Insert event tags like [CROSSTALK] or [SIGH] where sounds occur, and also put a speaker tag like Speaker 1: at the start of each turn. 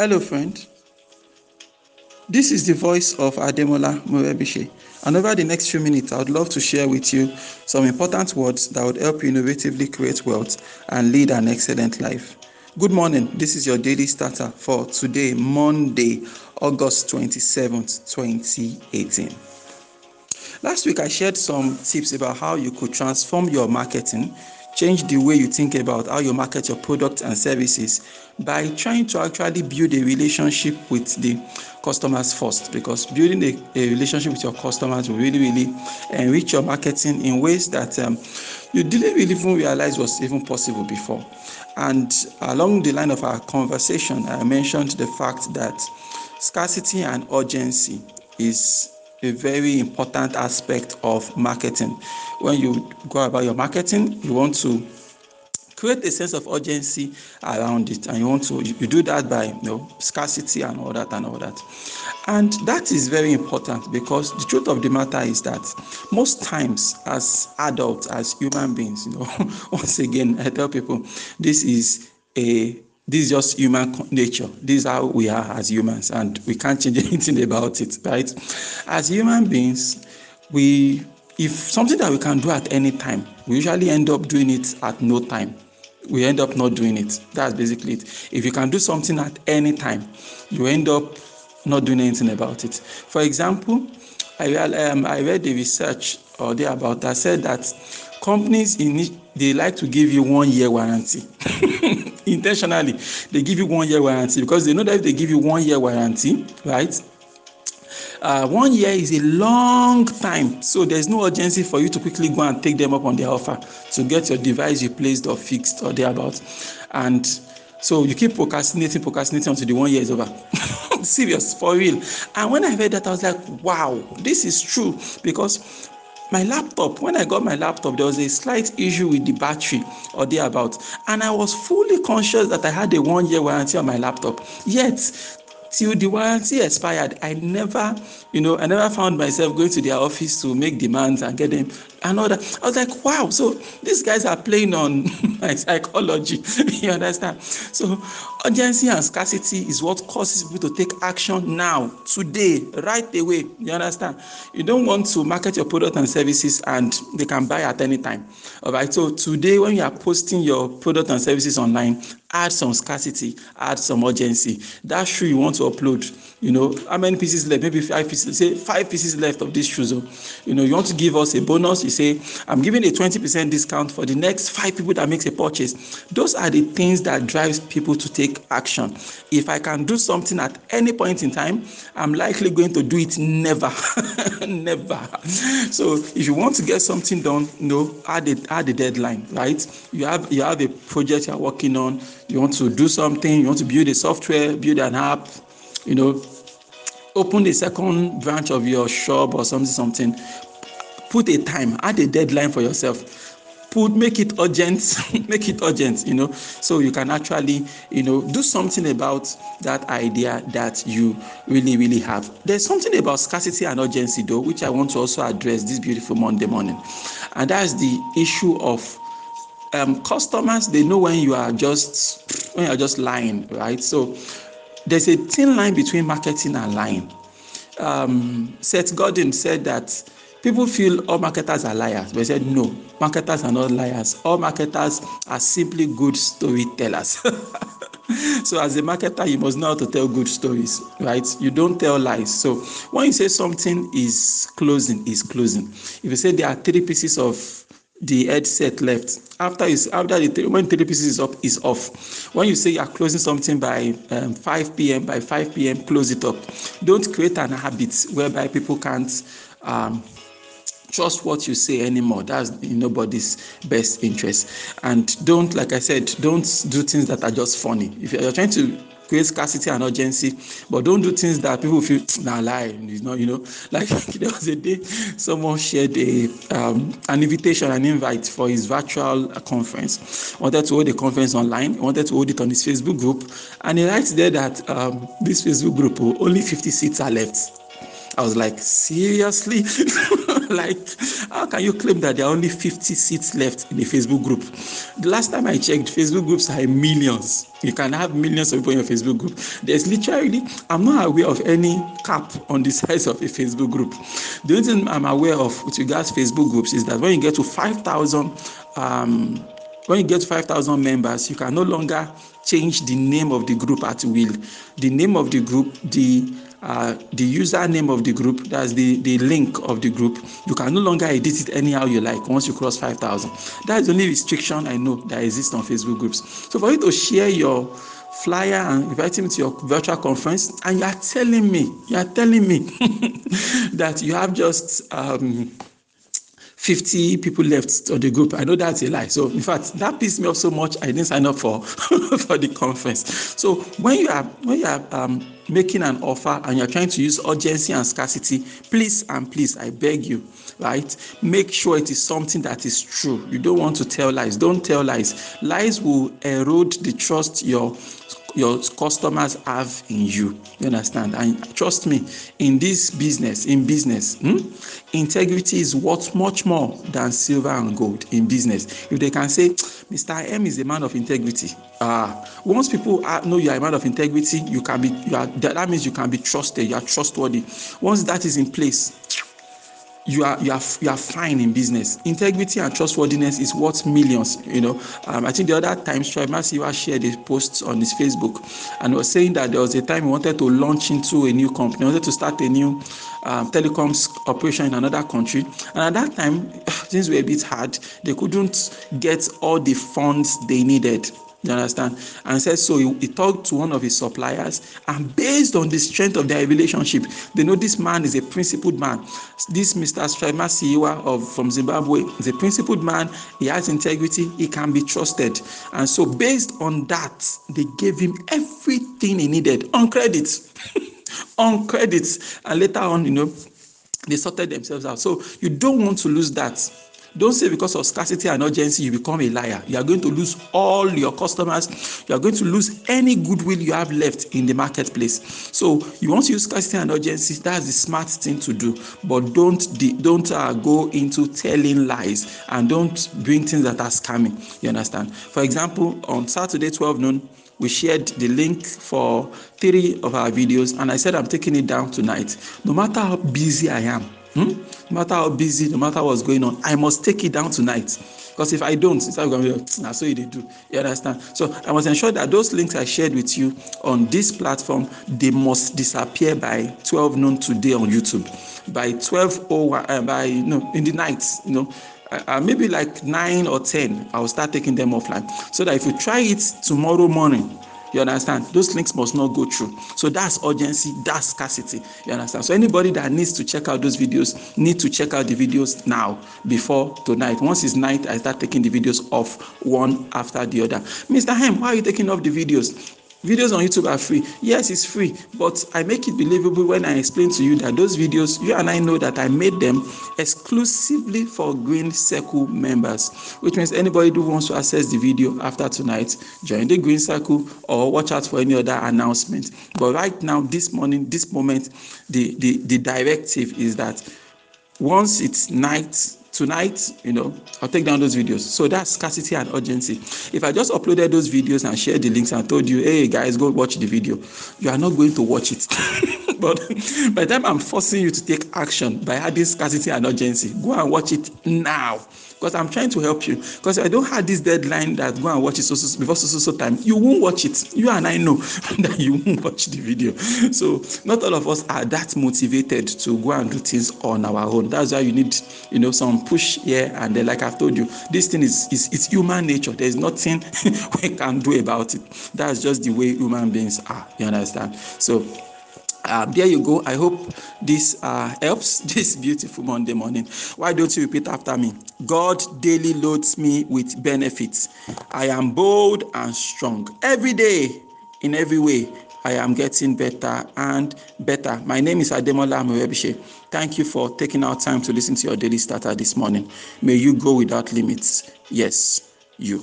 Speaker 1: Hello, friend. This is the voice of Ademola Murebishi. And over the next few minutes, I would love to share with you some important words that would help you innovatively create wealth and lead an excellent life. Good morning. This is your daily starter for today, Monday, August 27th, 2018. Last week, I shared some tips about how you could transform your marketing Change the way you think about how you market your products and services by trying to actually build a relationship with the customers first because building a, a relationship with your customers will really, really enrich your marketing in ways that um, you didn't really even realize was even possible before. And along the line of our conversation, I mentioned the fact that scarcity and urgency is a very important aspect of marketing. When you go about your marketing, you want to create a sense of urgency around it, and you want to you do that by you know, scarcity and all that and all that. And that is very important because the truth of the matter is that most times, as adults, as human beings, you know, [LAUGHS] once again, I tell people this is a this is just human nature. This is how we are as humans, and we can't change [LAUGHS] anything about it, right? As human beings, we if something that we can do at any time, we usually end up doing it at no time. We end up not doing it. That's basically it. If you can do something at any time, you end up not doing anything about it. For example, I, um, I read a research or there about that said that companies in they like to give you one year warranty. [LAUGHS] intentionally they give you one year warranty because they know that if they give you one year warranty right uh, one year is a long time so there's no urgency for you to quickly go and take them up on their offer to get your device replaced or fixed or thereabout and so you keep procrastinating procrastinating until the one year is over [LAUGHS] serious for real and when i heard that i was like wow this is true because my laptop when i got my laptop there was a slight issue with the battery or about, and i was fully conscious that i had a one year warranty on my laptop yet till the warranty expired i never you know, I never found myself going to their office to make demands and get them I know that. I was like, wow, so these guys are playing on [LAUGHS] my psychology. [LAUGHS] you understand? So urgency and scarcity is what causes people to take action now, today, right away. You understand? You don't want to market your product and services and they can buy at any time. All right. So today, when you are posting your product and services online, add some scarcity, add some urgency. That's true. you want to upload, you know, how many pieces left? Maybe five pieces pieces say five pieces left of these shoes oh you know you want to give us a bonus you say i'm giving a twenty percent discount for the next five people that makes a purchase those are the things that drives people to take action if i can do something at any point in time i'm likely going to do it never [LAUGHS] never so if you want to get something done you know add a add the deadline right you have you have a project you're working on you want to do something you want to build a software build an app you know open the second branch of your shop or something something put a time add a deadline for yourself put make it urgent [LAUGHS] make it urgent you know so you can actually you know do something about that idea that you really really have there's something about scarcity and urgency though which i want to also address this beautiful monday morning and that's the issue of um, customers they know when you are just when you are just lying right so There's a thin line between marketing and lying. Um, Seth Godin said that people feel all marketers are liars, but he said, no, marketers are not liars. All marketers are simply good storytellers. [LAUGHS] so as a marketer you must know how to tell good stories right you don't tell lies so when you say something is closing is closing if you say there are three pieces of the headset left after is after the three, when three pieces is up is off when you say you are closing something by um, 5 p.m by 5 p.m close it up don't create an habit whereby people can't um, trust what you say anymore that's in nobody's best interest and don't like i said don't do things that are just funny if you're trying to create scarcity and urgency. But don't do things that people feel nah lie. It's not, you know, [LAUGHS] like there was a day someone shared a um, an invitation, an invite for his virtual conference. Wanted to hold the conference online, wanted to hold it on his Facebook group, and he writes there that um, this Facebook group oh, only 50 seats are left. I was like, seriously? [LAUGHS] [LAUGHS] like, how can you claim that there are only 50 seats left in a Facebook group? The last time I checked, Facebook groups are millions. You can have millions of people in your Facebook group. There's literally, I'm not aware of any cap on the [LAUGHS] size of a Facebook group. The only thing I'm aware of with regards Facebook groups is that when you get to 5,000, um, when you get 5,000 members, you can no longer change the name of the group at will. The name of the group, the uh, the username of the group, that's the, the link of the group. You can no longer edit it anyhow you like once you cross 5,000. That is the only restriction I know that exists on Facebook groups. So for you to share your flyer and inviting me to your virtual conference, and you are telling me, you are telling me [LAUGHS] that you have just. Um, 50 people left on the group. I know that's a lie. So, in fact, that pissed me off so much, I didn't sign up for, [LAUGHS] for the conference. So, when you are, when you are um, making an offer and you're trying to use urgency and scarcity, please and please, I beg you, right? Make sure it is something that is true. You don't want to tell lies. Don't tell lies. Lies will erode the trust your your customers have in you you understand and trust me in this business in business hmm, integrity is worth much more than silver and gold in business if they can say mr m is a man of integrity ah uh, once people are, know you are a man of integrity you can be you are that means you can be trusted you are trustworthy once that is in place you are you are you are fine in business. Integrity and trustworthiness is worth millions. You know, um, I think the other time Troy Masiwa shared a post on his Facebook and was saying that there was a time he wanted to launch into a new company, he wanted to start a new um, telecoms operation in another country, and at that time [SIGHS] things were a bit hard. They couldn't get all the funds they needed you understand? And said so he, he, talked to one of his suppliers, and based on the strength of their relationship, they know this man is a principled man. This Mr. Strema Siwa of from Zimbabwe is a principled man, he has integrity, he can be trusted. And so, based on that, they gave him everything he needed on credit. [LAUGHS] on credit. And later on, you know, they sorted themselves out. So you don't want to lose that don't say because of scarcity and urgency you become a liar. You are going to lose all your customers. You are going to lose any goodwill you have left in the marketplace. So you want to use scarcity and urgency. That's the smart thing to do. But don't de- don't uh, go into telling lies and don't bring things that are scamming. You understand? For example, on Saturday 12 noon we shared the link for three of our videos and i said i'm taking it down tonight no matter how busy i am Hmm? No matter how busy, no matter what's going on, I must take it down tonight. Because if I don't, it's all going to be like, so you do. You understand? So I must ensure that those links I shared with you on this platform, they must disappear by 12 noon today on YouTube. By 12 uh, by you know, in the night, you know. Uh, uh, maybe like 9 or 10 i'll start taking them offline so that if you try it tomorrow morning You understand? Those links must not go through. So that's urgency, that's scarcity. You understand? So anybody that needs to check out those videos need to check out the videos now before tonight. Once it's night, I start taking the videos off one after the other. Mr. Hem, why are you taking off the videos? videos on youtube are free yes it's free but i make it believable when i explain to you that those videos you and i know that i made them exclusively for green circle members which means anybody who wants to access the video after tonight join the green circle or watch out for any other announcement but right now this morning this moment the the the directive is that once it's night tonight you know i'll take down those videos so that's scarcity and urgency if i just uploaded those videos and shared the links and told you hey guys go watch the video you are not going to watch it [LAUGHS] but by the time i'm forcing you to take action by adding scarcity and urgency go and watch it now because I'm trying to help you. Because I don't have this deadline that go and watch it so, so, before so, so, so time. You won't watch it. You and I know [LAUGHS] that you won't watch the video. So not all of us are that motivated to go and do things on our own. That's why you need, you know, some push here and then. Like I've told you, this thing is, is it's human nature. There's nothing [LAUGHS] we can do about it. That's just the way human beings are. You understand? So Uh, there you go. I hope this uh, [LAUGHS] helps this beautiful Monday morning. Why don't you repeat after me? God daily loads me with benefits. I am bold and strong. Every day, in every way, I am getting better and better. My name is Ademola Amurebishe. Thank you for taking our time to listen to your daily starter this morning. May you go without limits. Yes, you.